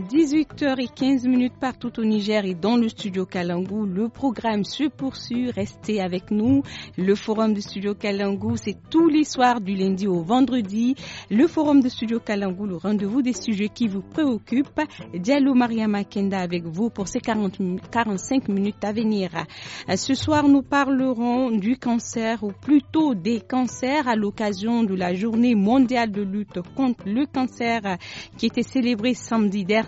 18h15 partout au Niger et dans le studio Kalangou. Le programme se poursuit. Restez avec nous. Le forum du studio Kalangou, c'est tous les soirs du lundi au vendredi. Le forum du studio Kalangou, le rendez-vous des sujets qui vous préoccupent. Diallo Maria Makenda avec vous pour ces 40, 45 minutes à venir. Ce soir, nous parlerons du cancer ou plutôt des cancers à l'occasion de la journée mondiale de lutte contre le cancer qui était célébrée samedi dernier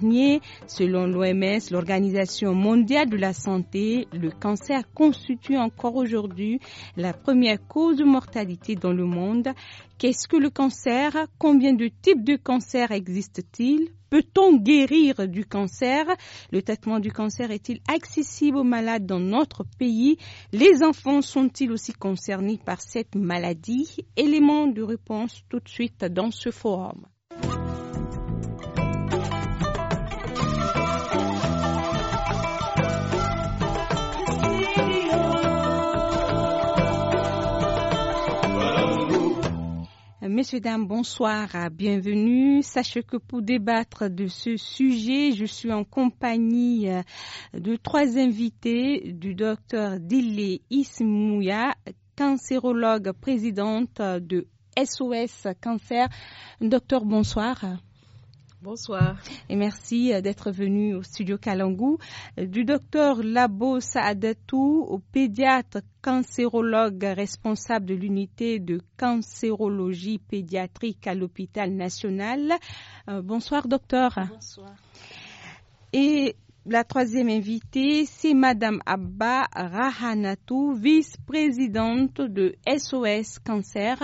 Selon l'OMS, l'Organisation mondiale de la santé, le cancer constitue encore aujourd'hui la première cause de mortalité dans le monde. Qu'est-ce que le cancer Combien de types de cancer existent-ils Peut-on guérir du cancer Le traitement du cancer est-il accessible aux malades dans notre pays Les enfants sont-ils aussi concernés par cette maladie Éléments de réponse tout de suite dans ce forum. Messieurs, dames, bonsoir, bienvenue. Sachez que pour débattre de ce sujet, je suis en compagnie euh, de trois invités du docteur Dile Ismouya, cancérologue présidente de SOS Cancer. Docteur, bonsoir. Bonsoir. Et merci euh, d'être venu au studio Kalangou. Euh, du docteur Labo Saadatou au pédiatre cancérologue responsable de l'unité de cancérologie pédiatrique à l'hôpital national. Euh, bonsoir, docteur. Bonsoir. Et la troisième invitée, c'est Madame Abba Rahanatou, vice-présidente de SOS Cancer.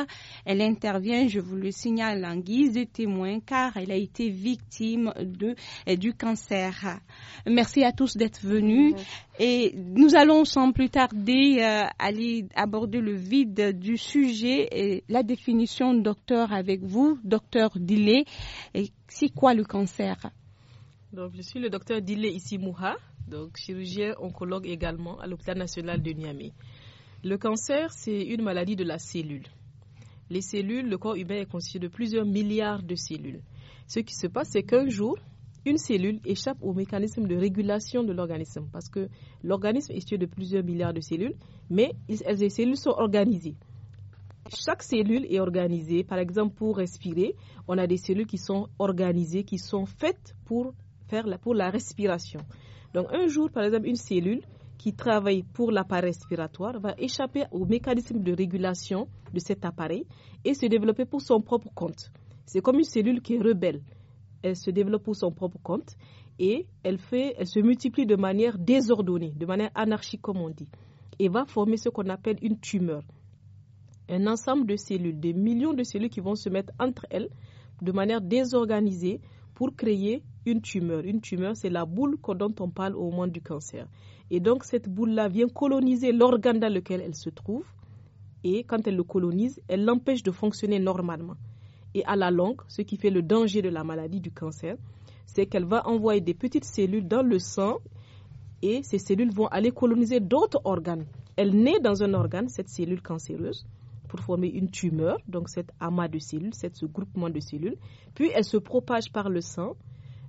Elle intervient, je vous le signale, en guise de témoin car elle a été victime euh, du cancer. Merci à tous d'être venus. Et nous allons sans plus tarder euh, aller aborder le vide du sujet et la définition docteur avec vous, docteur Dillet. C'est quoi le cancer? je suis le docteur Dile Isimouha, donc chirurgien oncologue également à l'hôpital national de Niamey. Le cancer, c'est une maladie de la cellule. Les cellules, le corps humain est constitué de plusieurs milliards de cellules. Ce qui se passe, c'est qu'un jour, une cellule échappe au mécanisme de régulation de l'organisme, parce que l'organisme est constitué de plusieurs milliards de cellules, mais les cellules sont organisées chaque cellule est organisée. Par exemple, pour respirer, on a des cellules qui sont organisées, qui sont faites pour faire pour la respiration. Donc un jour, par exemple, une cellule qui travaille pour l'appareil respiratoire va échapper au mécanisme de régulation de cet appareil et se développer pour son propre compte. C'est comme une cellule qui est rebelle. Elle se développe pour son propre compte et elle, fait, elle se multiplie de manière désordonnée, de manière anarchique comme on dit, et va former ce qu'on appelle une tumeur. Un ensemble de cellules, des millions de cellules qui vont se mettre entre elles de manière désorganisée pour créer une tumeur. Une tumeur, c'est la boule dont on parle au moment du cancer. Et donc, cette boule-là vient coloniser l'organe dans lequel elle se trouve. Et quand elle le colonise, elle l'empêche de fonctionner normalement. Et à la longue, ce qui fait le danger de la maladie du cancer, c'est qu'elle va envoyer des petites cellules dans le sang et ces cellules vont aller coloniser d'autres organes. Elle naît dans un organe, cette cellule cancéreuse, pour former une tumeur, donc cet amas de cellules, ce groupement de cellules. Puis elle se propage par le sang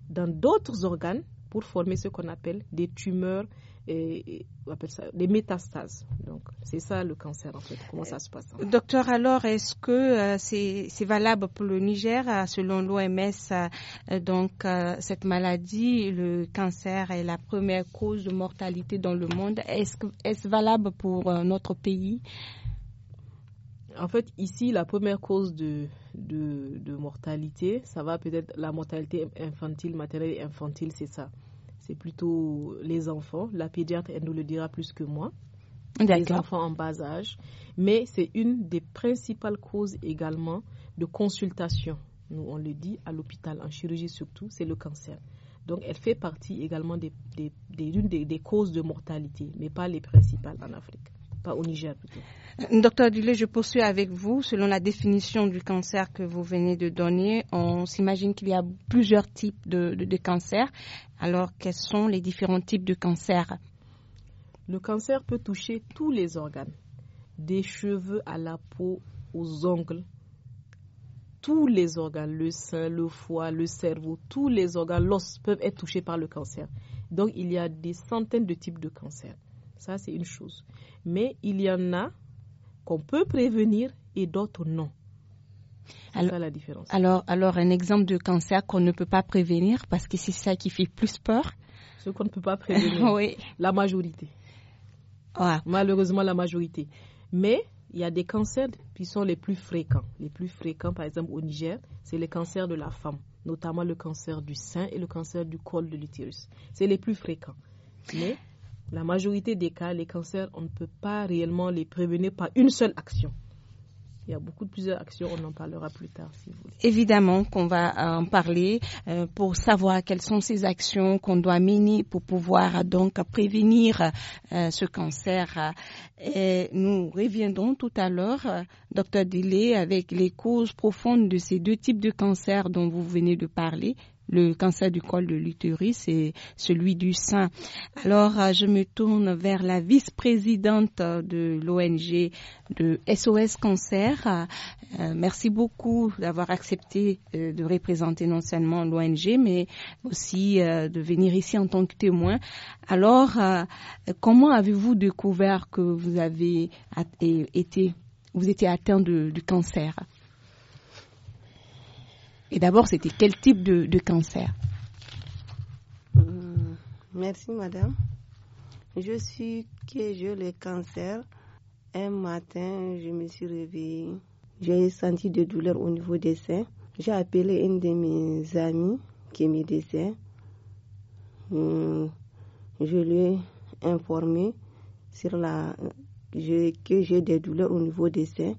dans d'autres organes pour former ce qu'on appelle des tumeurs, et, on appelle ça des métastases. Donc, c'est ça le cancer, en fait, comment ça se passe. Docteur, alors, est-ce que euh, c'est valable pour le Niger euh, Selon l'OMS, euh, donc, cette maladie, le cancer est la première cause de mortalité dans le monde. Est-ce est valable pour notre pays en fait, ici, la première cause de, de, mortalité, ça va peut-être la mortalité infantile, maternelle infantile, c'est ça. C'est plutôt les enfants. La pédiatre, elle nous le dira plus que moi. Les enfants en bas âge. Mais c'est une des principales causes également de consultation. Nous, on le dit à l'hôpital, en chirurgie surtout, c'est le cancer. Donc, elle fait partie également d'une des causes de mortalité, mais pas les principales en Afrique au Niger euh, Docteur Dulé, je poursuis avec vous. Selon la définition du cancer que vous venez de donner, on s'imagine qu'il y a plusieurs types de, de cancers. Alors, quels sont les différents types de cancers Le cancer peut toucher tous les organes, des cheveux à la peau, aux ongles, tous les organes, le sein, le foie, le cerveau, tous les organes, l'os peuvent être touchés par le cancer. Donc, il y a des centaines de types de cancers. Ça, c'est une chose. Mais il y en a qu'on peut prévenir et d'autres non. Alors, la différence. Alors, un exemple de cancer qu'on ne peut pas prévenir parce que c'est ça qui fait plus peur. Ce qu'on ne peut pas prévenir. oui. La majorité. Ah. Malheureusement, la majorité. Mais il y a des cancers qui sont les plus fréquents. Les plus fréquents, par exemple, au Niger, c'est les cancers de la femme, notamment le cancer du sein et le cancer du col de l'utérus. C'est les plus fréquents. Mais la majorité des cas, les cancers, on ne peut pas réellement les prévenir par une seule action. Il y a beaucoup de plusieurs actions, on en parlera plus tard si vous voulez. Évidemment qu'on va en parler euh, pour savoir quelles sont ces actions qu'on doit mener pour pouvoir donc prévenir euh, ce cancer. nous reviendrons tout à l'heure, docteur Dillet, avec les causes profondes de ces deux types de cancers dont vous venez de parler, le cancer du col de l'utérus et celui du sein. Alors, euh, je me tourne vers la vice-présidente de l'ONG de SOS Cancer. Euh, merci beaucoup d'avoir accepté euh, de représenter non seulement l'ONG, mais aussi de venir ici en tant que témoin. Alors, comment avez-vous découvert que vous avez été, vous étiez atteint du cancer? Et d'abord, c'était quel type de, cancer euh, Merci, madame. Je suis que j'ai le cancer. Un matin, je me suis réveillée. J'ai senti des douleurs au niveau des seins. J'ai appelé une de mes amies qui est médecin. Euh, je lui ai informé sur la, que j'ai des douleurs au niveau des seins.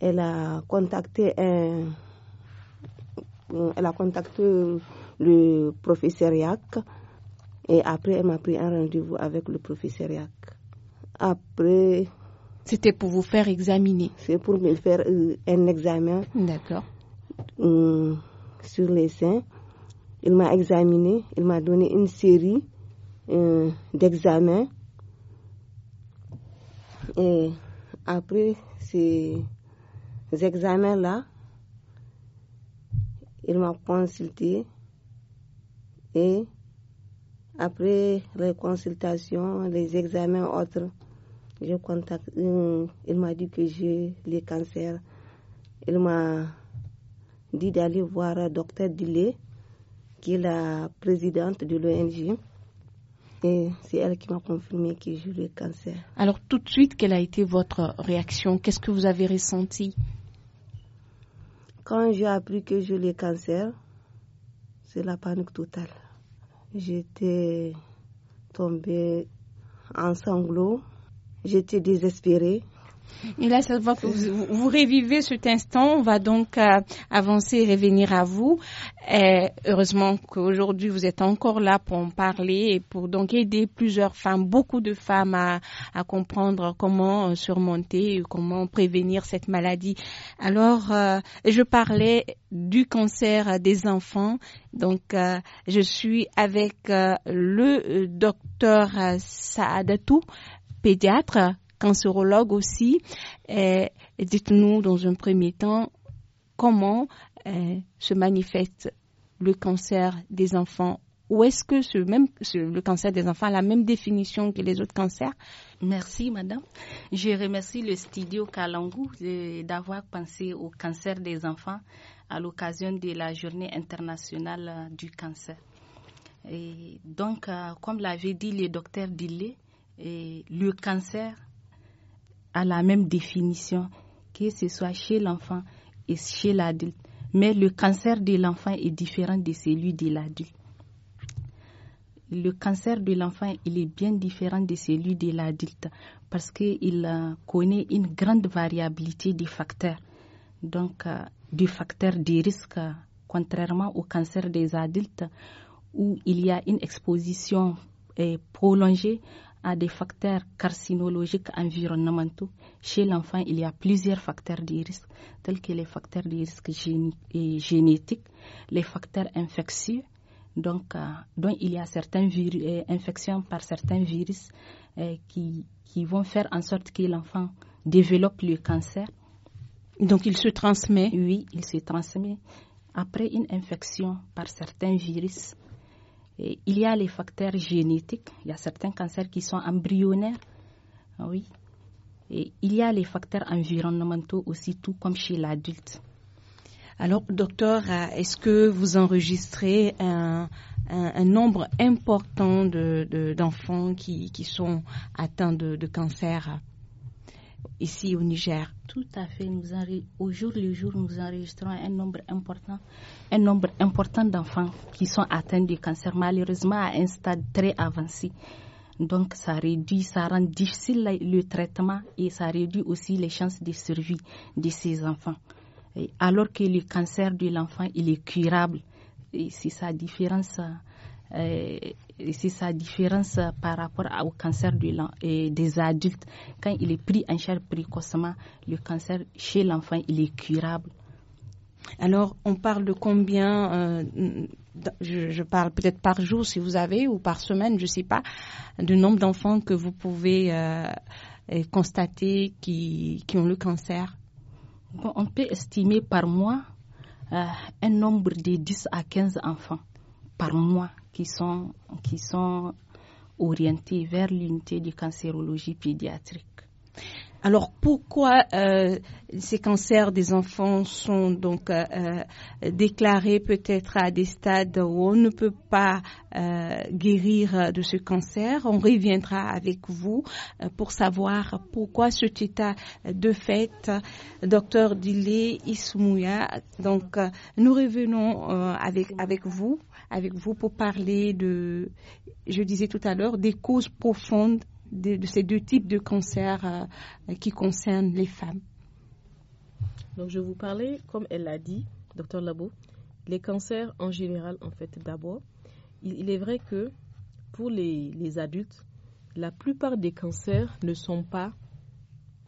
Elle a contacté un euh, elle a contacté euh, le professeur Yac et après elle m'a pris un rendez-vous avec le professeur Yac. Après. C'était pour vous faire examiner. C'est pour me faire euh, un examen. D'accord. sur les seins. Il m'a examiné, il m'a donné une série d'examens. Et après ces examens-là, il m'a consulté et après les consultations, les examens autres, je contacte, euh, il m'a dit que j'ai le cancer. Il m'a dit d'aller voir docteur Dillet, qui est la présidente de l'ONG. Et c'est elle qui m'a confirmé que j'ai le cancer. Alors tout de suite, quelle a été votre réaction Qu'est-ce que vous avez ressenti quand j'ai appris que j'ai le cancer, c'est la panique totale. J'étais tombée en sanglots. J'étais désespérée. Et là, ça que vous, vous, revivez cet instant. On va donc euh, avancer et revenir à vous. Euh, heureusement qu'aujourd'hui, vous êtes encore là pour en parler et pour donc aider plusieurs femmes, beaucoup de femmes à, à comprendre comment euh, surmonter, comment prévenir cette maladie. Alors, je parlais du cancer des enfants. Donc, je suis avec le docteur Saadatou, pédiatre cancérologue aussi. Eh, dites-nous dans un premier temps comment eh, se manifeste le cancer des enfants ou est-ce que ce même, le cancer des enfants a la même définition que les autres cancers Merci, madame. Je remercie le studio Kalangu d'avoir pensé au cancer des enfants à l'occasion de la journée internationale euh, du cancer. donc, euh, comme l'avait dit le docteur Dillet, le cancer à la même définition, que ce soit chez l'enfant et chez l'adulte. Mais le cancer de l'enfant est différent de celui de l'adulte. Le cancer de l'enfant, il est bien différent de celui de l'adulte parce qu'il euh, connaît une grande variabilité des facteurs. Donc, euh, des facteurs de risque, contrairement au cancer des adultes où il y a une exposition euh, prolongée à des facteurs carcinologiques environnementaux. Chez l'enfant, il y a plusieurs facteurs de risque, tels que les facteurs de risque génétiques, les facteurs infectieux, donc, euh, donc il y a certaines euh, infections par certains virus euh, qui, qui, vont faire en sorte que l'enfant développe le cancer. Donc il se transmet Oui, il se transmet. Après une infection par certains virus, il y a les facteurs génétiques. Il y a certains cancers qui sont embryonnaires. Ah oui. Et il y a les facteurs environnementaux aussi, tout comme chez l'adulte. Alors, docteur, est-ce que vous enregistrez un, nombre important d'enfants qui, sont atteints de cancer ici au Niger. Tout à fait. Nous au jour le jour, nous enregistrons un nombre important, un nombre important d'enfants qui sont atteints du cancer, malheureusement à un stade très avancé. Donc, ça réduit, ça rend difficile le traitement et ça réduit aussi les chances de survie de ces enfants. Alors que le cancer de l'enfant, il est curable. c'est sa différence euh, c'est sa différence par rapport au cancer des adultes. Quand il est pris en charge précocement, le cancer chez l'enfant, il est curable. Alors, on parle de combien, euh, je, parle peut-être par jour si vous avez, ou par semaine, je ne sais pas, du nombre d'enfants que vous pouvez euh, constater qui, qui, ont le cancer On peut estimer par mois euh, un nombre de 10 à 15 enfants par mois qui sont, qui sont orientés vers l'unité de cancérologie pédiatrique. Alors pourquoi euh, ces cancers des enfants sont donc euh, euh, déclarés peut-être à des stades où on ne peut pas guérir de ce cancer On reviendra avec vous pour savoir pourquoi cet état de fait. Docteur Dile Ismouya, donc nous revenons avec, avec vous avec vous pour parler de, je disais tout à l'heure, des causes profondes de, ces deux types de cancers euh, qui concernent les femmes. Donc je vous parlais, comme elle l'a dit, docteur Labo, les cancers en général, en fait, d'abord, il, est vrai que pour les, adultes, la plupart des cancers ne sont pas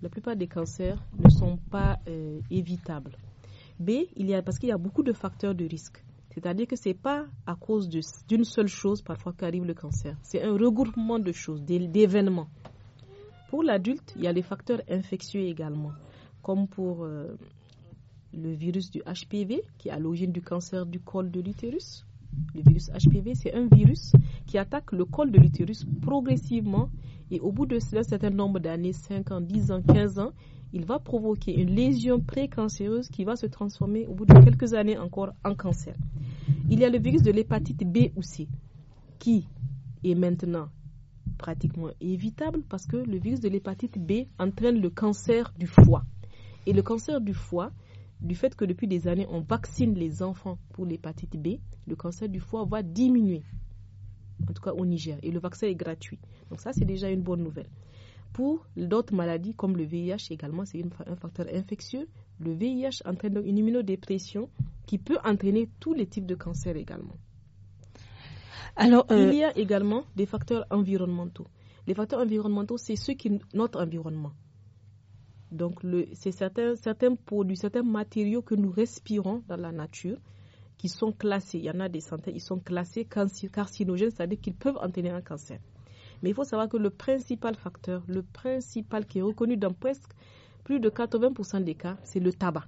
la plupart des cancers ne sont pas euh, évitables. B, il y a, parce qu'il y a beaucoup de facteurs de risque. C'est-à-dire que ce n'est pas à cause d'une seule chose parfois qu'arrive le cancer. C'est un regroupement de choses, d'événements. Pour l'adulte, il y a les facteurs infectieux également, comme pour euh, le virus du HPV, qui est à l'origine du cancer du col de l'utérus. Le virus HPV, c'est un virus qui attaque le col de l'utérus progressivement et au bout d'un certain nombre d'années, 5 ans, 10 ans, 15 ans, il va provoquer une lésion précancéreuse qui va se transformer au bout de quelques années encore en cancer. Il y a le virus de l'hépatite B ou C qui est maintenant pratiquement évitable parce que le virus de l'hépatite B entraîne le cancer du foie. Et le cancer du foie, du fait que depuis des années on vaccine les enfants pour l'hépatite B, le cancer du foie va diminuer, en tout cas au Niger, et le vaccin est gratuit. Donc ça c'est déjà une bonne nouvelle. Pour d'autres maladies comme le VIH également, c'est un facteur infectieux. Le VIH entraîne une immunodépression qui peut entraîner tous les types de cancers également. Alors, euh, Il y a également des facteurs environnementaux. Les facteurs environnementaux, c'est qui notre environnement. Donc, c'est certains, certains produits, certains matériaux que nous respirons dans la nature qui sont classés. Il y en a des centaines, ils sont classés carcinogènes, c'est-à-dire qu'ils peuvent entraîner un cancer. Mais il faut savoir que le principal facteur, le principal qui est reconnu dans presque plus de 80% des cas, c'est le tabac.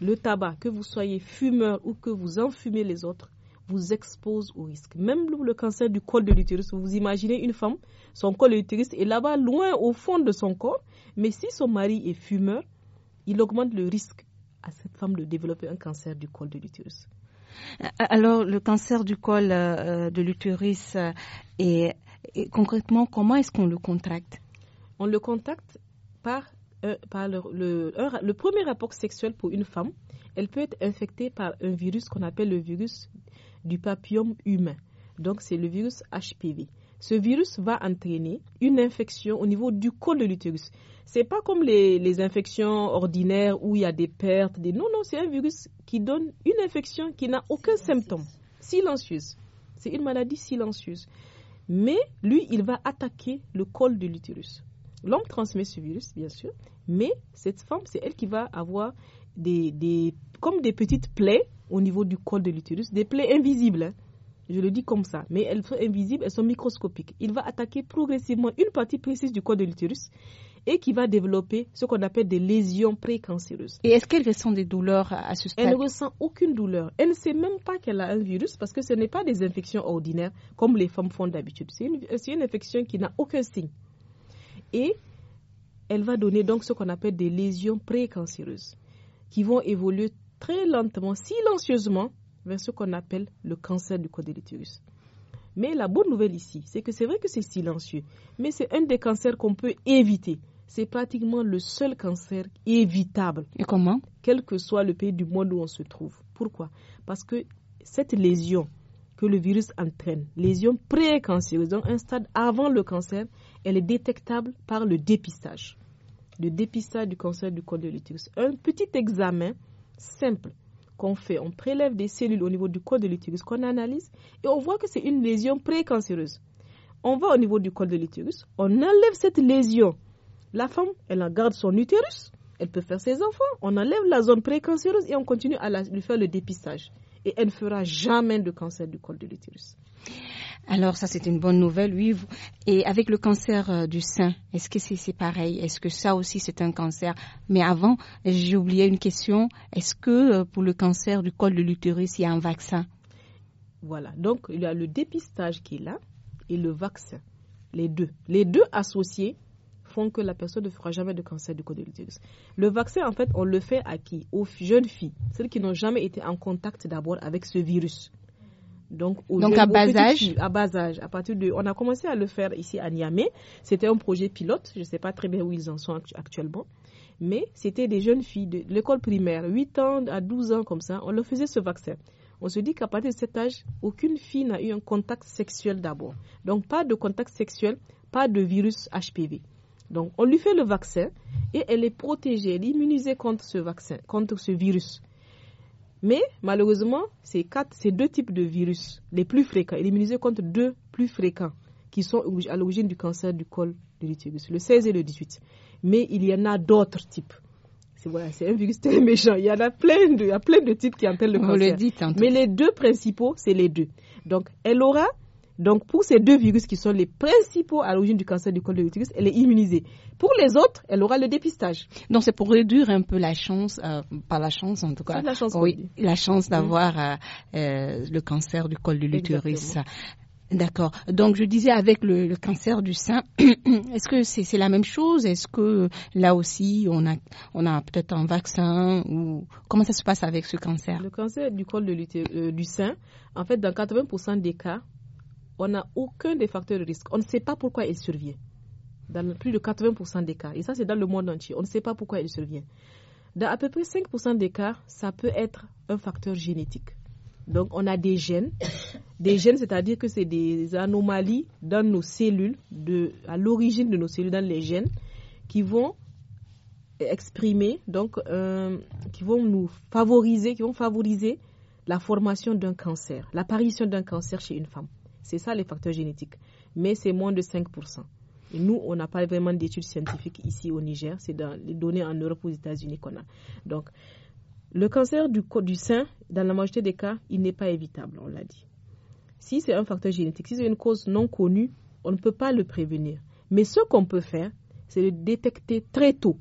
Le tabac, que vous soyez fumeur ou que vous en les autres, vous expose au risque. Même le cancer du col de l'utérus, vous imaginez une femme, son col de l'utérus est là-bas, loin au fond de son corps, mais si son mari est fumeur, il augmente le risque à cette femme de développer un cancer du col de l'utérus. Euh, alors, le cancer du col euh, de l'utérus euh, est et concrètement, comment est-ce qu'on le contracte On le contacte par, euh, par le, premier rapport sexuel pour une femme. Elle peut être infectée par un virus qu'on appelle le virus du papillome humain. Donc, c'est le virus HPV. Ce virus va entraîner une infection au niveau du col de l'utérus. C'est pas comme les, infections ordinaires où il y a des pertes. Des... Non, non, c'est un virus qui donne une infection qui n'a aucun symptôme. Silencieuse. C'est une maladie silencieuse. Mais lui, il va attaquer le col de l'utérus. L'homme transmet ce virus, bien sûr, mais cette femme, c'est elle qui va avoir des, comme des petites plaies au niveau du col de l'utérus, des plaies invisibles. Hein. Je le dis comme ça, mais elles sont invisibles, elles sont microscopiques. Il va attaquer progressivement une partie précise du col de l'utérus et qui va développer ce qu'on appelle des lésions précancéreuses. Et est-ce qu'elle ressent des douleurs à ce stade Elle ne ressent aucune douleur. Elle ne sait même pas qu'elle a un virus parce que ce n'est pas des infections ordinaires comme les femmes font d'habitude. C'est une, infection qui n'a aucun signe. Et elle va donner donc ce qu'on appelle des lésions précancéreuses qui vont évoluer très lentement, silencieusement, vers ce qu'on appelle le cancer du col de mais la bonne nouvelle ici, c'est que c'est vrai que c'est silencieux, mais c'est un des cancers qu'on peut éviter. C'est pratiquement le seul cancer évitable. Et comment Quel que soit le pays du monde où on se trouve. Pourquoi Parce que cette lésion que le virus entraîne, lésion pré-cancéreuse, donc un stade avant le cancer, elle est détectable par le dépistage. Le dépistage du cancer du col de l'utérus. Un petit examen simple qu'on fait, on prélève des cellules au niveau du col de l'utérus qu'on analyse et on voit que c'est une lésion précancéreuse. On va au niveau du col de l'utérus, on enlève cette lésion. La femme, elle garde son utérus, elle peut faire ses enfants, on enlève la zone précancéreuse et on continue à la, lui faire le dépistage. Et elle ne fera jamais de cancer du col de l'utérus. Alors ça, c'est une bonne nouvelle, oui. Et avec le cancer euh, du sein, est-ce que c'est pareil Est-ce que ça aussi, c'est un cancer Mais avant, j'ai oublié une question. Est-ce que euh, pour le cancer du col de l'utérus, il y a un vaccin Voilà, donc il y a le dépistage qui est là et le vaccin. Les deux. Les deux associés font que la personne ne fera jamais de cancer du col de l'utérus. Le vaccin, en fait, on le fait à qui Aux jeunes filles, celles qui n'ont jamais été en contact d'abord avec ce virus. Donc, à bas âge À bas âge. À partir de, on a commencé à le faire ici à Niamey. C'était un projet pilote. Je ne sais pas très bien où ils en sont actuellement. Mais c'était des jeunes filles de l'école primaire, 8 ans à 12 ans comme ça. On leur faisait ce vaccin. On se dit qu'à partir de cet âge, aucune fille n'a eu un contact sexuel d'abord. Donc pas de contact sexuel, pas de virus HPV. Donc on lui fait le vaccin et elle est protégée, elle est immunisée contre ce vaccin, contre ce virus. Mais malheureusement, ces, quatre, ces deux types de virus, les plus fréquents, immunisé contre deux plus fréquents, qui sont à l'origine du cancer du col de l'utérus, le 16 et le 18. Mais il y en a d'autres types. C'est voilà, un virus très méchant. Il y en a plein de, a plein de types qui appellent le cancer. Le Mais les deux principaux, c'est les deux. Donc, elle aura donc, pour ces deux virus qui sont les principaux à l'origine du cancer du col de l'utérus, elle est immunisée. Pour les autres, elle aura le dépistage. Donc, c'est pour réduire un peu la chance, euh, pas la chance en tout cas, la chance, d'avoir euh, euh, le cancer du col de l'utérus. D'accord. Donc je disais avec le, cancer du sein, est-ce que c'est la même chose Est-ce que là aussi on a on a peut-être un vaccin ou comment ça se passe avec ce cancer Le cancer du col de euh, du sein, en fait, dans 80% des cas, on n'a aucun des facteurs de risque. On ne sait pas pourquoi il survient. Dans plus de 80% des cas. Et ça, c'est dans le monde entier. On ne sait pas pourquoi il survient. Dans à peu près 5% des cas, ça peut être un facteur génétique. Donc, on a des gènes. Des gènes, c'est-à-dire que c'est des anomalies dans nos cellules, à l'origine de nos cellules, dans les gènes, qui vont exprimer, donc, euh, qui vont nous favoriser, qui vont favoriser la formation d'un cancer, l'apparition d'un cancer chez une femme. C'est ça les facteurs génétiques. Mais c'est moins de 5%. Et nous, on n'a pas vraiment d'études scientifiques ici au Niger. C'est dans les données en Europe ou aux États-Unis qu'on a. Donc, le cancer du, du sein, dans la majorité des cas, il n'est pas évitable, on l'a dit. Si c'est un facteur génétique, si c'est une cause non connue, on ne peut pas le prévenir. Mais ce qu'on peut faire, c'est le détecter très tôt.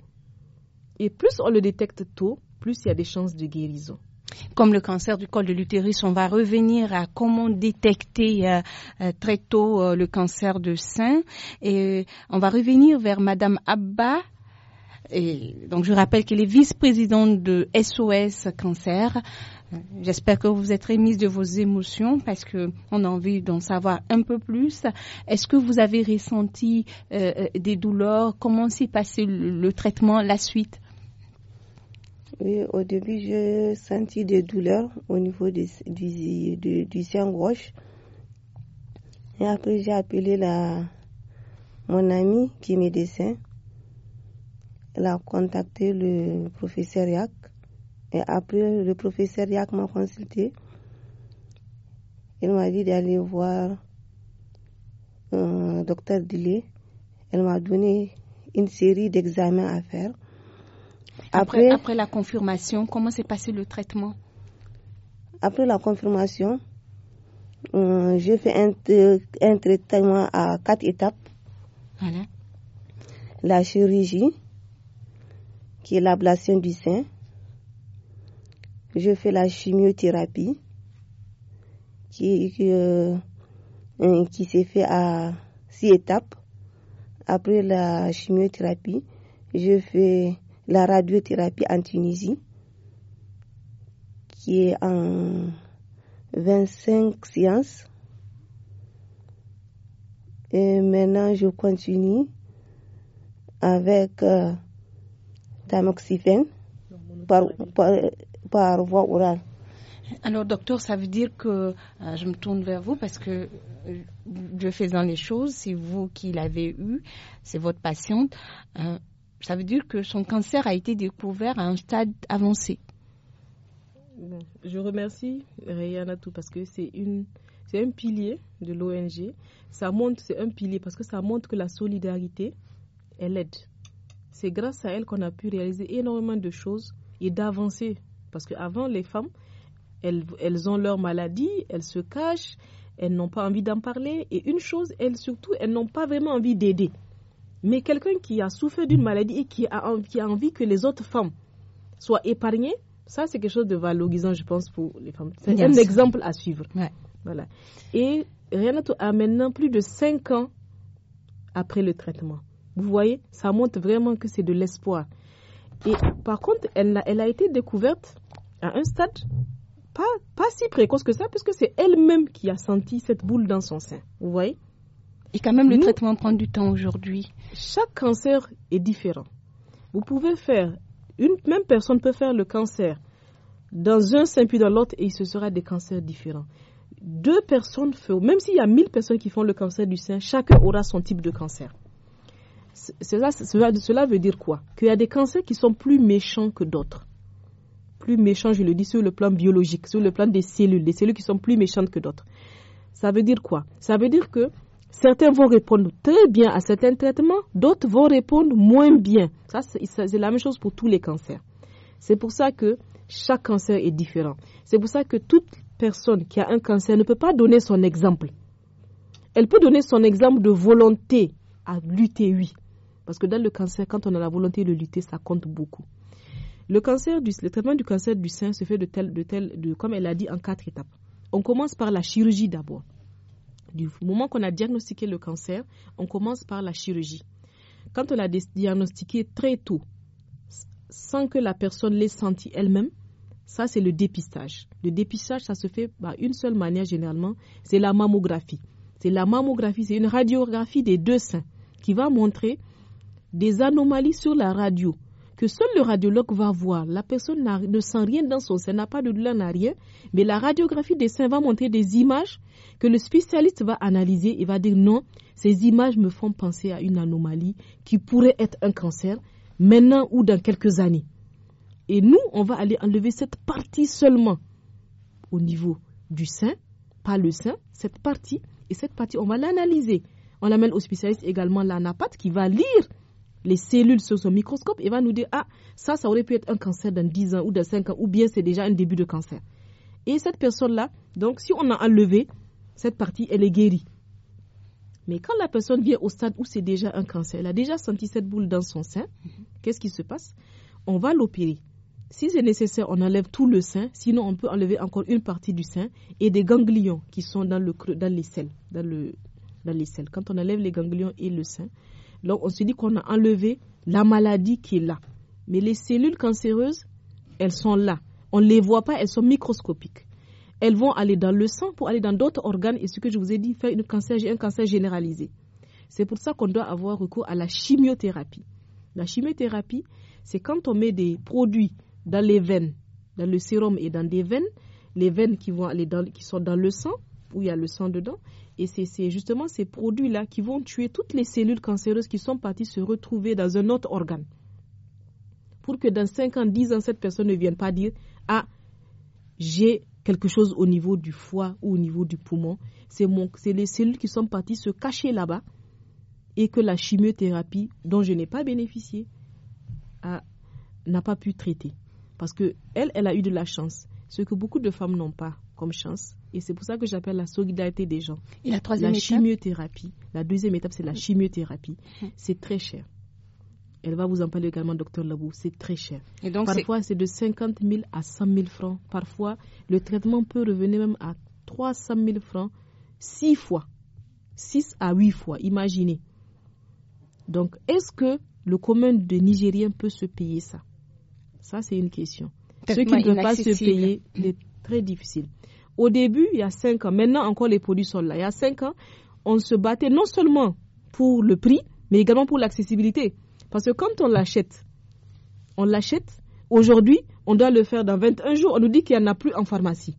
Et plus on le détecte tôt, plus il y a des chances de guérison comme le cancer du col de l'utérus, on va revenir à comment détecter euh, euh, très tôt euh, le cancer de sein. Et on va revenir vers Madame Abba. Et donc je rappelle qu'elle est vice-présidente de SOS Cancer. J'espère que vous êtes remise de vos émotions parce qu'on a envie d'en savoir un peu plus. Est-ce que vous avez ressenti des douleurs Comment s'est passé le traitement, la suite au début, j'ai senti des douleurs au niveau du, du, gauche. Et après, j'ai appelé mon ami qui est médecin. Elle a contacté le professeur Yak. Et après, le professeur Yak m'a consulté. Il m'a dit d'aller voir un docteur Dillet. Elle m'a donné une série d'examens à faire. Après, la confirmation, comment s'est passé le traitement Après la confirmation, je euh, j'ai fait un, traitement à quatre étapes. Voilà. La chirurgie, qui est l'ablation du sein. Je fais la chimiothérapie, qui, euh, euh, qui s'est fait à six étapes. Après la chimiothérapie, je fais la radiothérapie en Tunisie, qui est en 25 séances. Et maintenant, je continue avec euh, tamoxifène par, voie orale. Alors, docteur, ça veut dire que euh, je me tourne vers vous parce que je euh, dans les choses, c'est vous qui l'avez eu, c'est votre patiente. Hein. Ça veut dire que son cancer a été découvert à un stade avancé. Je remercie Rayana tout parce que c'est une c'est un pilier de l'ONG. Ça montre, c'est un pilier parce que ça montre que la solidarité, elle aide. C'est grâce à elle qu'on a pu réaliser énormément de choses et d'avancer. Parce qu'avant, les femmes, elles, elles, ont leur maladie, elles se cachent, elles n'ont pas envie d'en parler. Et une chose, elles surtout, elles n'ont pas vraiment envie d'aider. Mais quelqu'un qui a souffert d'une maladie et qui a, a envie que les autres femmes soient épargnées, ça c'est quelque chose de valorisant, je pense, pour les femmes. C'est un exemple à suivre. Voilà. Et Renato a maintenant plus de 5 ans après le traitement. Vous voyez, ça montre vraiment que c'est de l'espoir. Et par contre, elle a, elle a été découverte à un stade pas, pas si précoce que ça, puisque c'est elle-même qui a senti cette boule dans son sein. Vous voyez et quand même, le traitement prend du temps aujourd'hui. Chaque cancer est différent. Vous pouvez faire, une même personne peut faire le cancer dans un sein puis dans l'autre et ce sera des cancers différents. Deux personnes feront, même s'il y a 1000 personnes qui font le cancer du sein, chacun aura son type de cancer. Cela, cela, cela veut dire quoi Qu'il y a des cancers qui sont plus méchants que d'autres. Plus méchants, je le dis, sur le plan biologique, sur le plan des cellules, des cellules qui sont plus méchantes que d'autres. Ça veut dire quoi Ça veut dire que Certains vont répondre très bien à certains traitements, d'autres vont répondre moins bien. c'est la même chose pour tous les cancers. C'est pour ça que chaque cancer est différent. C'est pour ça que toute personne qui a un cancer ne peut pas donner son exemple. Elle peut donner son exemple de volonté à lutter, oui. Parce que dans le cancer, quand on a la volonté de lutter, ça compte beaucoup. Le, cancer le traitement du cancer du sein se fait de tel, de comme elle l'a dit, en quatre étapes. On commence par la chirurgie d'abord du moment qu'on a diagnostiqué le cancer, on commence par la chirurgie. Quand on l'a diagnostiqué très tôt, sans que la personne l'ait senti elle-même, ça, c'est le dépistage. Le dépistage, ça se fait par une seule manière généralement, c'est la mammographie. C'est la mammographie, c'est une radiographie des deux seins qui va montrer des anomalies sur la radio que seul le radiologue va voir. La personne ne sent rien dans son sein, n'a pas de douleur, n'a rien. Mais la radiographie des seins va montrer des images que le spécialiste va analyser et va dire non, ces images me font penser à une anomalie qui pourrait être un cancer maintenant ou dans quelques années. Et nous, on va aller enlever cette partie seulement au niveau du sein, pas le sein, cette partie. Et cette partie, on va l'analyser. On l'amène au spécialiste également, l'anapathe, qui va lire les cellules sur son microscope et va nous dire, ah, ça, ça aurait pu être un cancer dans 10 ans ou dans 5 ans, ou bien c'est déjà un début de cancer. Et cette personne-là, donc si on a enlevé cette partie, elle est guérie. Mais quand la personne vient au stade où c'est déjà un cancer, elle a déjà senti cette boule dans son sein, mhm. qu'est-ce qui se passe On va l'opérer. Si c'est nécessaire, on enlève tout le sein, sinon on peut enlever encore une partie du sein et des ganglions qui sont dans, le, dans les selles, dans, le, dans les selles. Quand on enlève les ganglions et le sein, donc on se dit qu'on a enlevé la maladie qui est là. Mais les cellules cancéreuses, elles sont là. On ne les voit pas, elles sont microscopiques. Elles vont aller dans le sang pour aller dans d'autres organes et ce que je vous ai dit, faire une cancer, un cancer généralisé. C'est pour ça qu'on doit avoir recours à la chimiothérapie. La chimiothérapie, c'est quand on met des produits dans les veines, dans le sérum et dans des veines, les veines qui, vont aller qui sont dans le sang, où il y a le sang dedans. Et c'est justement ces produits-là qui vont tuer toutes les cellules cancéreuses qui sont parties se retrouver dans un autre organe. Pour que dans 5 ans, 10 ans, cette personne ne vienne pas dire Ah, j'ai quelque chose au niveau du foie ou au niveau du poumon. C'est les cellules qui sont parties se cacher là-bas et que la chimiothérapie, dont je n'ai pas bénéficié, n'a pas pu traiter. Parce qu'elle, elle a eu de la chance. Ce que beaucoup de femmes n'ont pas comme chance, et c'est pour ça que j'appelle la solidarité des gens. la troisième chimiothérapie. La deuxième étape, c'est la mhm. chimiothérapie. Mhm. C'est très cher. Elle va vous en parler également, docteur Labou. C'est très cher. parfois, c'est de 50 000 à 100 000 francs. Parfois, le traitement peut revenir même à 300 000 francs, six fois. 6 à huit fois, imaginez. Donc, est-ce que le commun des Nigériens peut se payer ça Ça, c'est une question. Ceux qui ne peuvent pas se payer, mhm. c'est très difficile. Au début, il y a cinq ans, maintenant encore les produits sont là. Il y a cinq ans, on se battait non seulement pour le prix, mais également pour l'accessibilité. Parce que quand on l'achète, on l'achète, aujourd'hui, on doit le faire dans 21 jours, on nous dit qu'il n'y en a plus en pharmacie.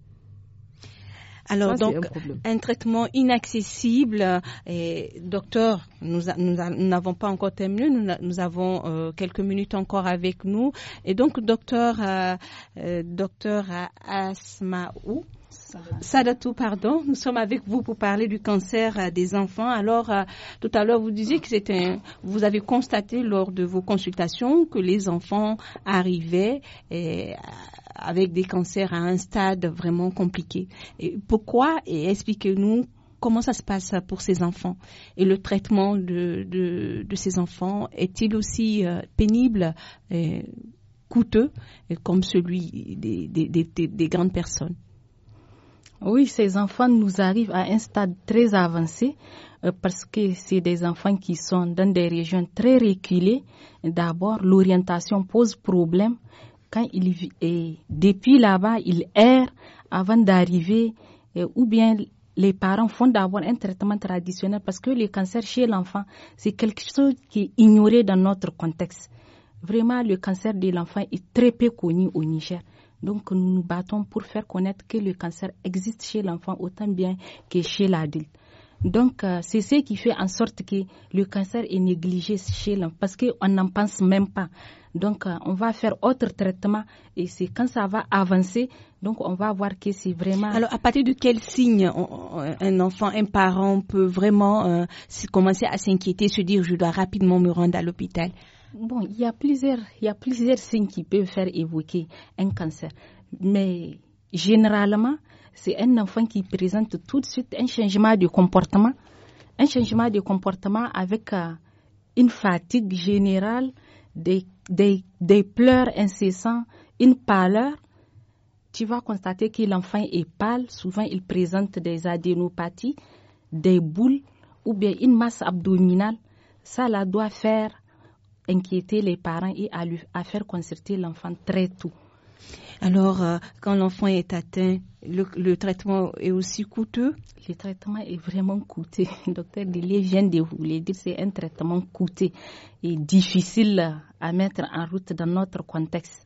Alors, donc, un, traitement inaccessible. Et, docteur, nous n'avons pas encore terminé. Nous, avons euh, quelques minutes encore avec nous. Et donc, docteur, euh, euh, docteur Asmaou, Sadatou, pardon. Nous sommes avec vous pour parler du cancer euh, des enfants. Alors, euh, tout à l'heure, vous disiez que c'était, vous avez constaté lors de vos consultations que les enfants arrivaient euh, avec des cancers à un stade vraiment compliqué. pourquoi Et expliquez-nous comment ça se passe pour ces enfants et le traitement de, ces enfants est-il aussi pénible et coûteux comme celui des grandes personnes oui, ces enfants nous arrivent à un stade très avancé euh, parce que c'est des enfants qui sont dans des régions très reculées. D'abord, l'orientation pose problème. depuis là-bas, ils errent avant d'arriver euh, ou bien les parents font d'abord un traitement traditionnel parce que le cancer chez l'enfant, c'est quelque chose qui est ignoré dans notre contexte. Vraiment, le cancer de l'enfant est très peu connu au Niger. Donc nous nous battons pour faire connaître que le cancer existe chez l'enfant autant bien que chez l'adulte. Donc, euh, c'est ce qui fait en sorte que le cancer est négligé chez l'enfant parce qu'on n'en pense même pas. Donc, euh, on va faire autre traitement et c'est quand ça va avancer, donc on va voir que c'est vraiment. Alors, à partir de quel signe un enfant, un parent peut vraiment euh, commencer à s'inquiéter, se dire je dois rapidement me rendre à l'hôpital Bon, il y a plusieurs, il y a plusieurs signes qui peuvent faire évoquer un cancer, mais généralement, c'est un enfant qui présente tout de suite un changement de comportement, un changement de comportement avec euh, une fatigue générale, des, des, pleurs incessants, une pâleur. Tu vas constater que l'enfant est pâle, souvent il présente des adénopathies, des boules ou bien une masse abdominale. Ça, là, doit faire inquiéter les parents et à, à faire concerter l'enfant très tôt. Alors, euh, quand l'enfant est atteint, le, traitement est aussi coûteux Le traitement est vraiment coûteux. Le docteur Delier vient de vous le dire, c'est un traitement coûteux et difficile à mettre en route dans notre contexte.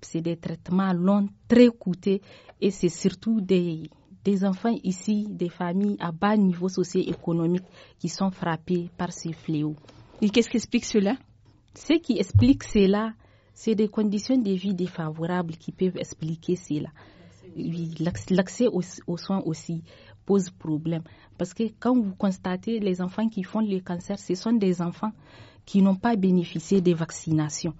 C'est des traitements longs, très coûteux et c'est surtout des, des enfants ici, des familles à bas niveau socio-économique qui sont frappés par ces fléaux. Et qu'est-ce qui explique cela Ce qui explique cela, c'est des conditions de vie défavorables qui peuvent expliquer cela. l'accès aux, soins aussi pose problème. Parce que quand vous constatez les enfants qui font le cancer, ce sont des enfants qui n'ont pas bénéficié des vaccinations.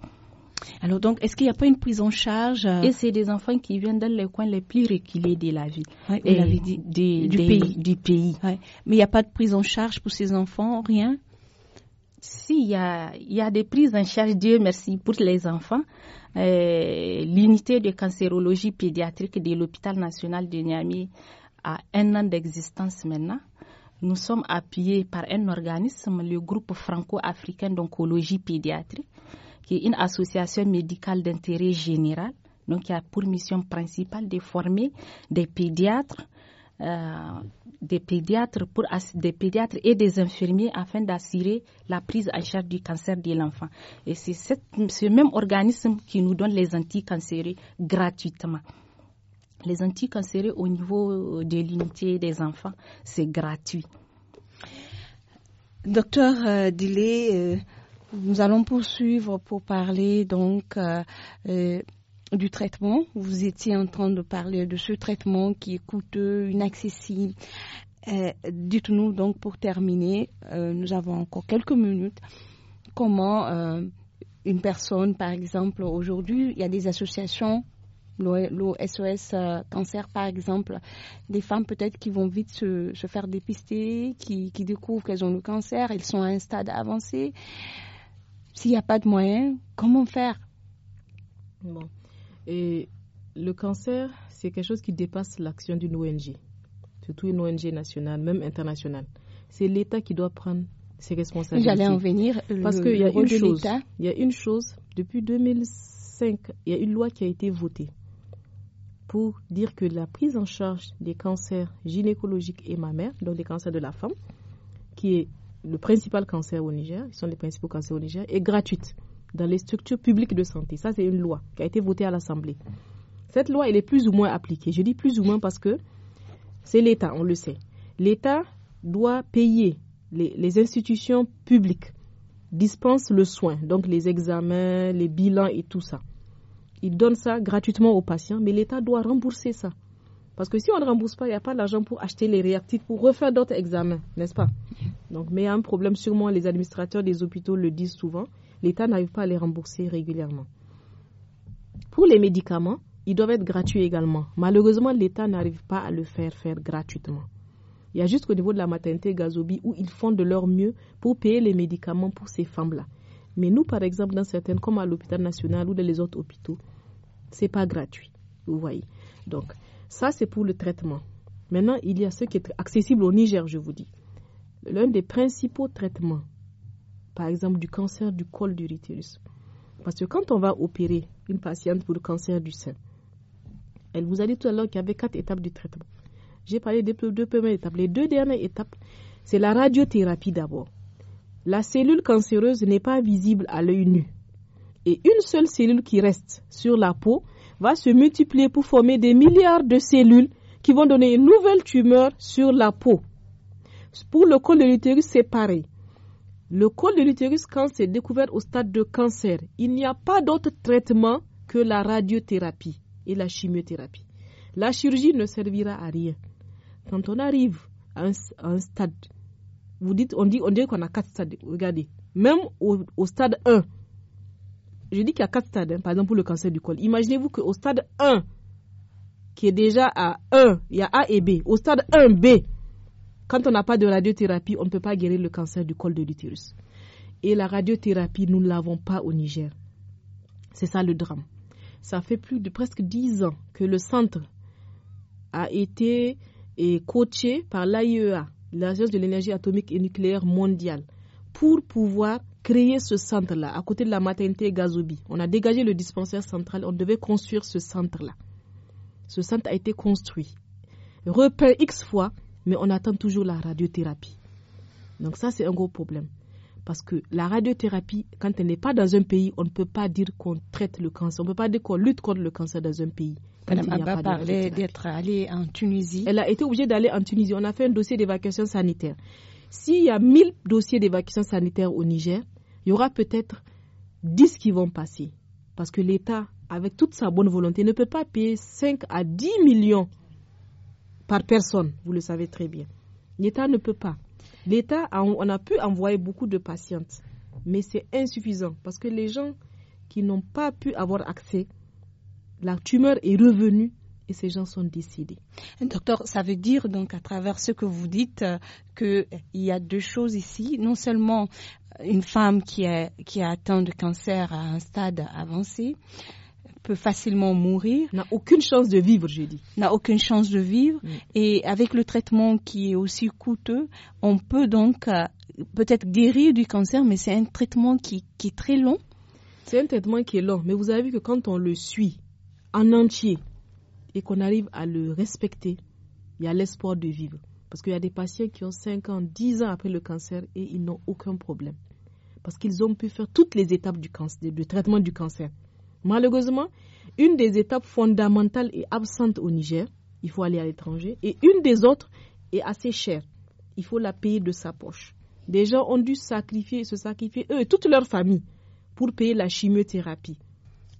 Alors donc, est-ce qu'il n'y a pas une prise en charge euh, Et c'est des enfants qui viennent dans les coins les plus reculés de la ville, et vie, du, pays. Mais il n'y a pas de prise en charge pour ces enfants, rien s'il y a, y a, des prises en charge, Dieu merci, pour les enfants, euh, l'unité de cancérologie pédiatrique de l'hôpital national de Niamey a un an d'existence maintenant. Nous sommes appuyés par un organisme, le groupe franco-africain d'oncologie pédiatrique, qui est une association médicale d'intérêt général, donc qui a pour mission principale de former des pédiatres euh, des pédiatres, pour, des pédiatres et des infirmiers afin d'assurer la prise en charge du cancer de l'enfant. Et c'est ce même organisme qui nous donne les anticancéreux gratuitement. Les anticancéreux au niveau euh, de l'unité des enfants, c'est gratuit. Docteur euh, Dillet, nous allons poursuivre pour parler donc du traitement. Vous étiez en train de parler de ce traitement qui est coûteux, inaccessible. Euh, dites-nous donc pour terminer, euh, nous avons encore quelques minutes, comment euh, une personne, par exemple, aujourd'hui, il y a des associations, l'OSOS e, Cancer par exemple, des femmes peut-être qui vont vite se, faire dépister, qui, découvrent qu'elles ont le cancer, elles sont à un stade avancé. S'il n'y a pas de moyen, comment faire et le cancer, c'est quelque chose qui dépasse l'action d'une ONG, surtout une ONG nationale, même internationale. C'est l'État qui doit prendre ses responsabilités. J'allais en venir. Parce qu'il y a une chose. Il y a une chose. Depuis 2005, il y a une loi qui a été votée pour dire que la prise en charge des cancers gynécologiques et mammaires, donc des cancers de la femme, qui est le principal cancer au Niger, ils sont les principaux cancers au Niger, est gratuite dans les structures publiques de santé. Ça, c'est une loi qui a été votée à l'Assemblée. Cette loi, elle est plus ou moins appliquée. Je dis plus ou moins parce que c'est l'État, on le sait. L'État doit payer les, institutions publiques, dispensent le soin, donc les examens, les bilans et tout ça. Ils donnent ça gratuitement aux patients, mais l'État doit rembourser ça. Parce que si on ne rembourse pas, il n'y a pas d'argent pour acheter les réactifs, pour refaire d'autres examens, n'est-ce pas Donc, mais il y a un problème, sûrement les administrateurs des hôpitaux le disent souvent l'État n'arrive pas à les rembourser régulièrement. Pour les médicaments, ils doivent être gratuits également. Malheureusement, l'État n'arrive pas à le faire faire gratuitement. Il y a juste au niveau de la maternité Gazobi où ils font de leur mieux pour payer les médicaments pour ces femmes-là. Mais nous, par exemple, dans certaines, comme à l'hôpital national ou dans les autres hôpitaux, n'est pas gratuit. Vous voyez. Donc, ça, c'est pour le traitement. Maintenant, il y a ce qui est accessible au Niger, je vous dis. L'un des principaux traitements par exemple, du cancer du col de l'utérus. Parce que quand on va opérer une patiente pour le cancer du sein, elle vous a dit tout à l'heure qu'il y avait quatre étapes du traitement. J'ai parlé des deux premières étapes. Les deux dernières étapes, c'est la radiothérapie d'abord. La cellule cancéreuse n'est pas visible à l'œil nu. Et une seule cellule qui reste sur la peau va se multiplier pour former des milliards de cellules qui vont donner une nouvelle tumeur sur la peau. Pour le col de l'utérus, c'est pareil. Le col de l'utérus, quand c'est découvert au stade de cancer, il n'y a pas d'autre traitement que la radiothérapie et la chimiothérapie. La chirurgie ne servira à rien. Quand on arrive à un, stade, vous dites, on dit, on qu'on a quatre stades. Regardez, même au, stade 1, je dis qu'il y a quatre stades, hein, par exemple pour le cancer du col. Imaginez-vous qu'au stade 1, qui est déjà à 1, il y a A et B. Au stade 1B, quand on n'a pas de radiothérapie, on ne peut pas guérir le cancer du col de l'utérus. Et la radiothérapie, nous ne l'avons pas au Niger. C'est ça le drame. Ça fait plus de presque dix ans que le centre a été coaché par l'AIEA, l'Agence de l'énergie atomique et nucléaire mondiale, pour pouvoir créer ce centre-là, à côté de la maternité Gazobi. On a dégagé le dispensaire central, on devait construire ce centre-là. Ce centre a été construit, repeint X fois, mais on attend toujours la radiothérapie. Donc ça, c'est un gros problème. Parce que la radiothérapie, quand elle n'est pas dans un pays, on ne peut pas dire qu'on traite le cancer. On ne peut pas dire qu'on lutte contre le cancer dans un pays. Madame Abba parlait d'être allée en Tunisie. Elle a été obligée d'aller en Tunisie. On a fait un dossier d'évacuation sanitaire. S'il y a 1000 dossiers d'évacuation sanitaire au Niger, il y aura peut-être 10 qui vont passer. Parce que l'État, avec toute sa bonne volonté, ne peut pas payer 5 à 10 millions par personne, vous le savez très bien. L'État ne peut pas. L'État, on a pu envoyer beaucoup de patientes, mais c'est insuffisant parce que les gens qui n'ont pas pu avoir accès, la tumeur est revenue et ces gens sont décédés. Docteur, ça veut dire donc à travers ce que vous dites euh, qu'il y a deux choses ici. Non seulement euh, une femme qui qui a atteint de cancer à un stade avancé, peut facilement mourir. N'a aucune chance de vivre, je dis N'a aucune chance de vivre. Mm. Et avec le traitement qui est aussi coûteux, on peut donc euh, peut-être guérir du cancer, mais c'est un traitement qui, est très long. C'est un traitement qui est long, mais vous avez vu que quand on le suit en entier et qu'on arrive à le respecter, il y a l'espoir de vivre. Parce qu'il y a des patients qui ont 5 ans, 10 ans après le cancer et ils n'ont aucun problème. Parce qu'ils ont pu faire toutes les étapes du, cancer, du traitement du cancer. Malheureusement, une des étapes fondamentales est absente au Niger. Il faut aller à l'étranger. Et une des autres est assez chère. Il faut la payer de sa poche. Des gens ont dû sacrifier, se sacrifier, eux et toute leur famille, pour payer la chimiothérapie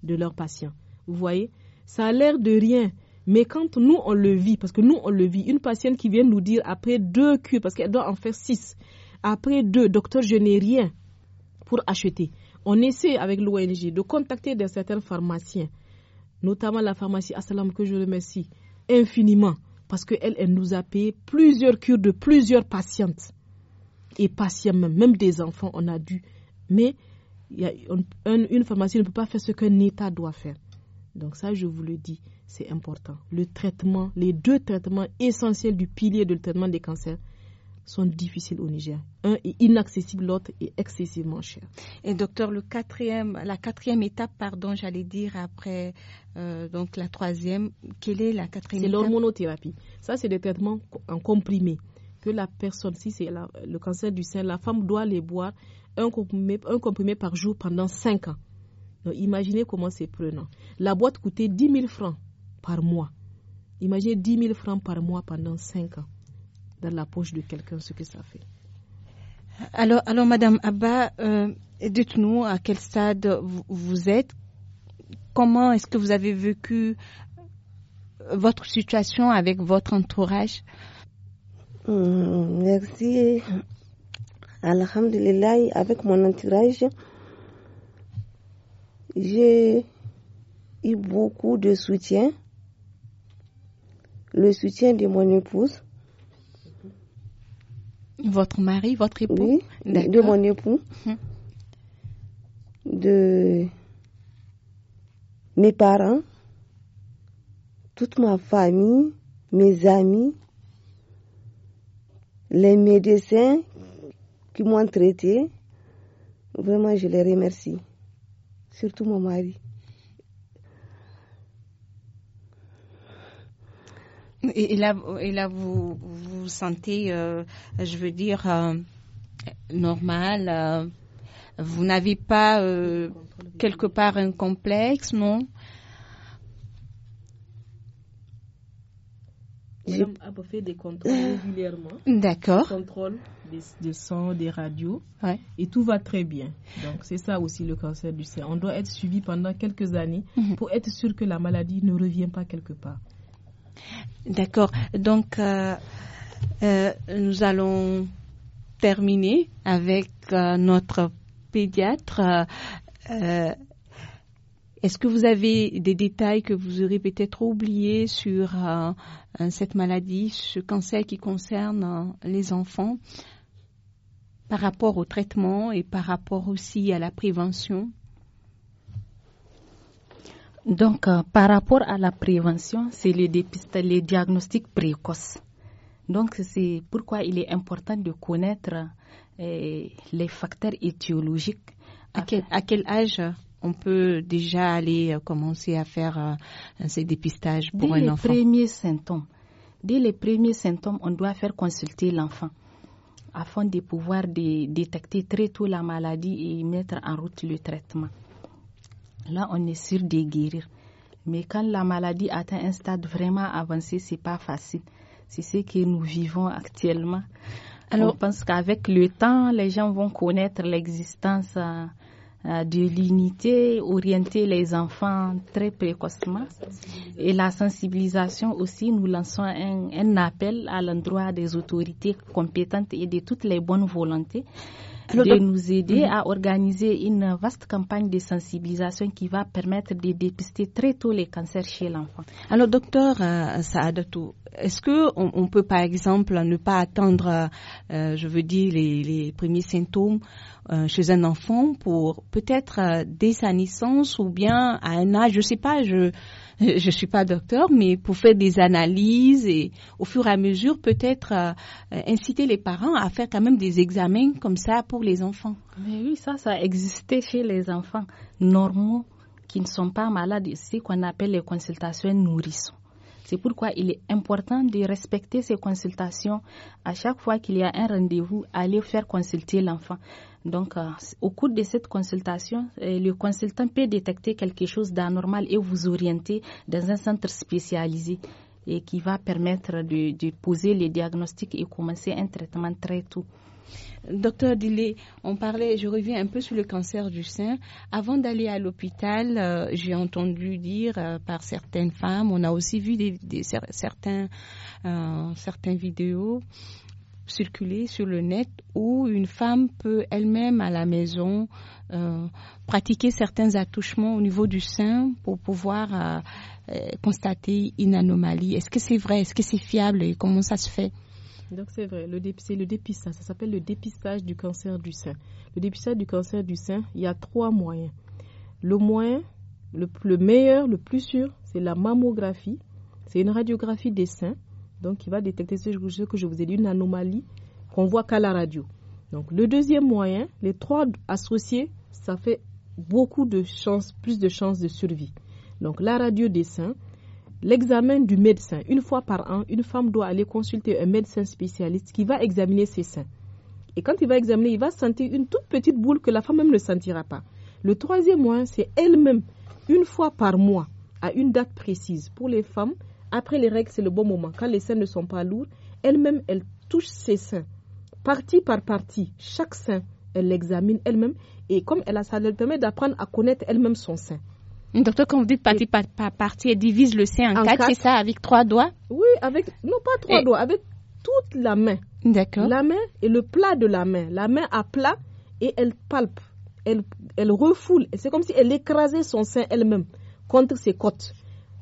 de leurs patients. Vous voyez, ça a l'air de rien. Mais quand nous, on le vit, parce que nous, on le vit, une patiente qui vient nous dire après deux cures, parce qu'elle doit en faire six, après deux, docteur, je n'ai rien pour acheter. On essaie avec l'ONG de contacter des certains pharmaciens, notamment la pharmacie Assalam que je remercie infiniment parce qu'elle elle nous a payé plusieurs cures de plusieurs patientes et patients, même des enfants, on a dû. Mais une, pharmacie ne peut pas faire ce qu'un État doit faire. Donc ça, je vous le dis, c'est important. Le traitement, les deux traitements essentiels du pilier du traitement des cancers, sont difficiles au Niger. Un est inaccessible, l'autre est excessivement cher. Et docteur, la quatrième étape, pardon, j'allais dire après euh, donc la troisième, quelle est la quatrième étape? C'est l'hormonothérapie. Ça, c'est des traitements en comprimé que la personne, si c'est le cancer du sein, la femme doit les boire un comprimé, par jour pendant cinq ans. imaginez comment c'est prenant. La boîte coûtait 10 000 francs par mois. Imaginez 10 000 francs par mois pendant cinq ans dans la poche de quelqu'un ce que ça fait. Alors, alors Madame Abba, euh, dites-nous à quel stade vous êtes. Comment est-ce que vous avez vécu euh, votre situation avec votre entourage euh, Merci. Alhamdulillah, avec mon entourage, j'ai eu beaucoup de soutien. Le soutien de mon épouse, votre mari, votre époux de mon époux. Hum. De mes parents, toute ma famille, mes amis, les médecins qui m'ont traité. Vraiment, je les remercie. Surtout mon mari. Et, là, et là, vous vous sentez, euh, je veux dire, euh, normal. Euh, vous n'avez pas quelque part un complexe, non On à fait des contrôles régulièrement. D'accord. Contrôles de des, des radios. Et tout va très bien. Donc, c'est ça aussi le cancer du sein. On doit être suivi pendant quelques années mhm. pour être sûr que la maladie ne revient pas quelque part. D'accord. Donc, euh, euh, nous allons terminer avec euh, notre pédiatre. Est-ce que vous avez des détails que vous aurez peut-être oubliés sur cette maladie, ce cancer qui concerne les enfants par rapport au traitement et par rapport aussi à la prévention donc, euh, par rapport à la prévention, c'est le dépistage, les diagnostics précoces. Donc, c'est pourquoi il est important de connaître euh, les facteurs étiologiques. À quel, âge on peut déjà aller euh, commencer à faire ces dépistages pour un enfant Dès les premiers symptômes. Dès les premiers symptômes, on doit faire consulter l'enfant afin de pouvoir détecter très tôt la maladie et mettre en route le traitement là on est sûr de guérir. Mais quand la maladie atteint un stade vraiment avancé, c'est pas facile. C'est ce que nous vivons actuellement. Alors, on pense qu'avec le temps, les gens vont connaître l'existence euh, euh, de l'unité, orienter les enfants très précocement. Et la sensibilisation aussi, nous lançons un, un appel à l'endroit des autorités compétentes et de toutes les bonnes volontés de nous aider mhm. à organiser une vaste campagne de sensibilisation qui va permettre de dépister très tôt les cancers chez l'enfant. Alors, docteur euh, Saadatou, est-ce que on, peut par exemple ne pas attendre, euh, je veux dire, les, les premiers symptômes euh, chez un enfant pour peut-être euh, dès sa naissance ou bien à un âge, je sais pas, je je suis pas docteur, mais pour faire des analyses et au fur et à mesure peut-être euh, inciter les parents à faire quand même des examens comme ça pour les enfants. Mais oui, ça, ça existait chez les enfants normaux qui ne sont pas malades, c'est ce qu'on appelle les consultations nourrissons. C'est pourquoi il est important de respecter ces consultations. À chaque fois qu'il y a un rendez-vous, aller faire consulter l'enfant. Donc, euh, au cours de cette consultation, euh, le consultant peut détecter quelque chose d'anormal et vous orienter dans un centre spécialisé et qui va permettre de, poser les diagnostics et commencer un traitement très tôt. Docteur Dillet, on parlait, je reviens un peu sur le cancer du sein. Avant d'aller à l'hôpital, euh, j'ai entendu dire par certaines femmes, on a aussi vu des, des certains, certains vidéos circuler sur le net où une femme peut elle-même à la maison euh, pratiquer certains attouchements au niveau du sein pour pouvoir euh, euh, constater une anomalie. Est-ce que c'est vrai Est-ce que c'est fiable et comment ça se fait donc c'est vrai, le, c'est le dépistage, ça s'appelle le dépistage du cancer du sein. Le dépistage du cancer du sein, il y a trois moyens. Le moyen, le meilleur, le plus sûr, c'est la mammographie, c'est une radiographie des seins donc, il va détecter ce que je vous ai dit, une anomalie qu'on voit qu'à la radio. Donc, le deuxième moyen, les trois associés, ça fait beaucoup de chances, plus de chances de survie. Donc, la radio des seins, l'examen du médecin. Une fois par an, une femme doit aller consulter un médecin spécialiste qui va examiner ses seins. Et quand il va examiner, il va sentir une toute petite boule que la femme même ne sentira pas. Le troisième moyen, c'est elle-même, une fois par mois, à une date précise. Pour les femmes, après les règles, c'est le bon moment. Quand les seins ne sont pas lourds, elle-même, elle touche ses seins. Partie par partie, chaque sein, elle l'examine elle-même. Et comme elle a ça, elle permet d'apprendre à connaître elle-même son sein. Docteur, quand vous dites partie par, partie, elle divise le sein en, quatre, c'est ça, avec trois doigts Oui, avec, non pas trois doigts, avec toute la main. D'accord. La main et le plat de la main. La main à plat et elle palpe, elle, elle refoule. C'est comme si elle écrasait son sein elle-même contre ses côtes.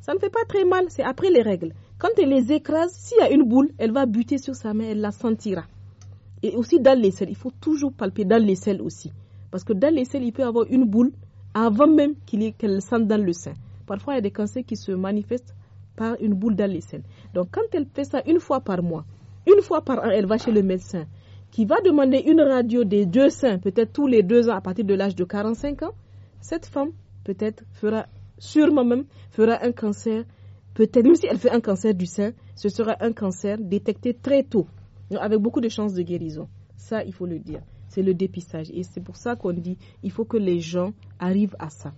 Ça ne fait pas très mal, c'est après les règles. Quand elle les écrase, s'il y a une boule, elle va buter sur sa main, elle la sentira. Et aussi dans les selles, il faut toujours palper dans les selles aussi. Parce que dans les selles, il peut y avoir une boule avant même qu'elle sente dans le sein. Parfois, il y a des cancers qui se manifestent par une boule dans les selles. Donc, quand elle fait ça une fois par mois, une fois par an, elle va chez le médecin qui va demander une radio des deux seins, peut-être tous les deux ans à partir de l'âge de 45 ans, cette femme peut-être fera sûrement même, fera un cancer, peut-être, même si elle fait un cancer du sein, ce sera un cancer détecté très tôt, avec beaucoup de chances de guérison. Ça, il faut le dire. C'est le dépistage. Et c'est pour ça qu'on dit, il faut que les gens arrivent à ça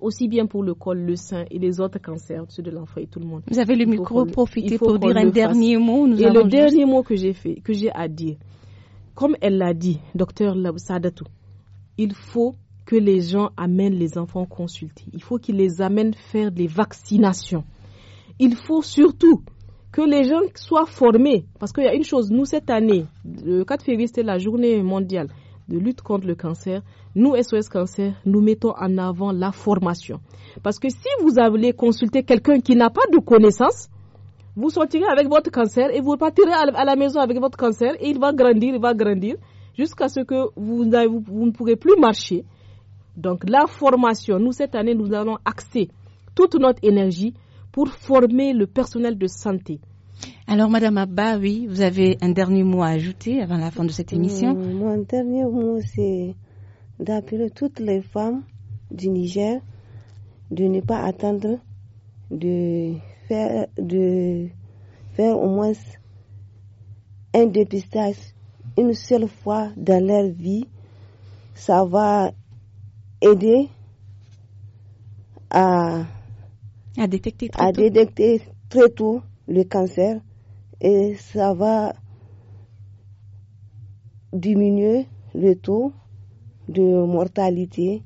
aussi bien pour le col, le sein et les autres cancers, ceux de l'enfant et tout le monde. Vous avez le micro, profitez pour dire un dernier mot. et le dernier mot que j'ai fait, que j'ai à dire, comme elle l'a dit, docteur Sadatou il faut que les gens amènent les enfants consulter. Il faut qu'ils les amènent faire des vaccinations. Il faut surtout que les gens soient formés. Parce qu'il y a une chose, nous, cette année, le 4 février, c'était la journée mondiale de lutte contre le cancer. Nous, SOS Cancer, nous mettons en avant la formation. Parce que si vous allez consulter quelqu'un qui n'a pas de connaissances, vous sortirez avec votre cancer et vous repartirez à la maison avec votre cancer et il va grandir, il va grandir jusqu'à ce que vous, vous ne pourrez plus marcher, donc la formation, nous cette année, nous allons axer toute notre énergie pour former le personnel de santé. Alors, Madame Abba, oui, vous avez un dernier mot à ajouter avant la fin de cette émission. mon dernier mot, c'est d'appeler toutes les femmes du Niger de ne pas attendre de faire, de faire au moins un dépistage une seule fois dans leur vie. Ça va aider à, détecter, très tôt. le cancer et ça va diminuer le taux de mortalité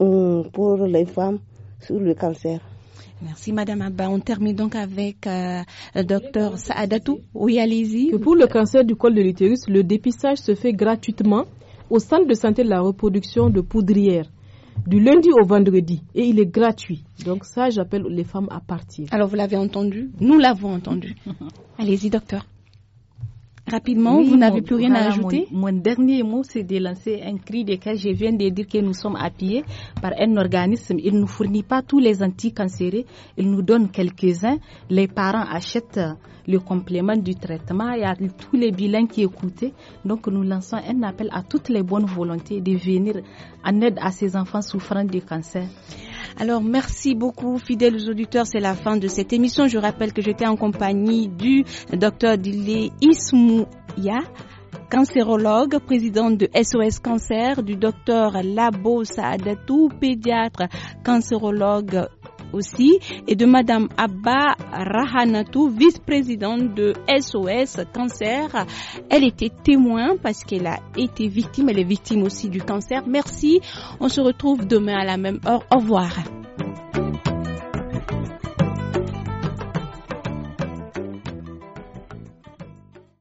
euh, pour les femmes sur le cancer. Merci Madame Abba. On termine donc avec le euh, Docteur Saadatou. Oui, allez Pour le cancer du col de l'utérus, le dépistage se fait gratuitement au centre de santé de la reproduction de Poudrière du lundi au vendredi et il est gratuit. Donc ça, j'appelle les femmes à partir. Alors vous l'avez entendu Nous l'avons entendu. Allez-y, docteur. Rapidement, vous n'avez plus rien à ajouter mon, dernier mot, c'est de lancer un cri de cas. Je viens de dire que nous sommes appuyés par un organisme. Il ne fournit pas tous les anticancérés. Il nous donne quelques-uns. Les parents achètent le complément du traitement. Il y a tous les bilans qui écoutent. Donc, nous lançons un appel à toutes les bonnes volontés de venir en aide à ces enfants souffrant de cancer. Alors merci beaucoup fidèles auditeurs, c'est la fin de cette émission. Je rappelle que j'étais en compagnie du docteur Dile Ismouya cancérologue, président de SOS Cancer, du docteur Labo Saadatou, pédiatre, cancérologue aussi et de Madame Abba Rahanatu, vice-présidente de SOS Cancer. Elle était témoin parce qu'elle a été victime, elle est victime aussi du cancer. Merci. On se retrouve demain à la même heure. Au revoir.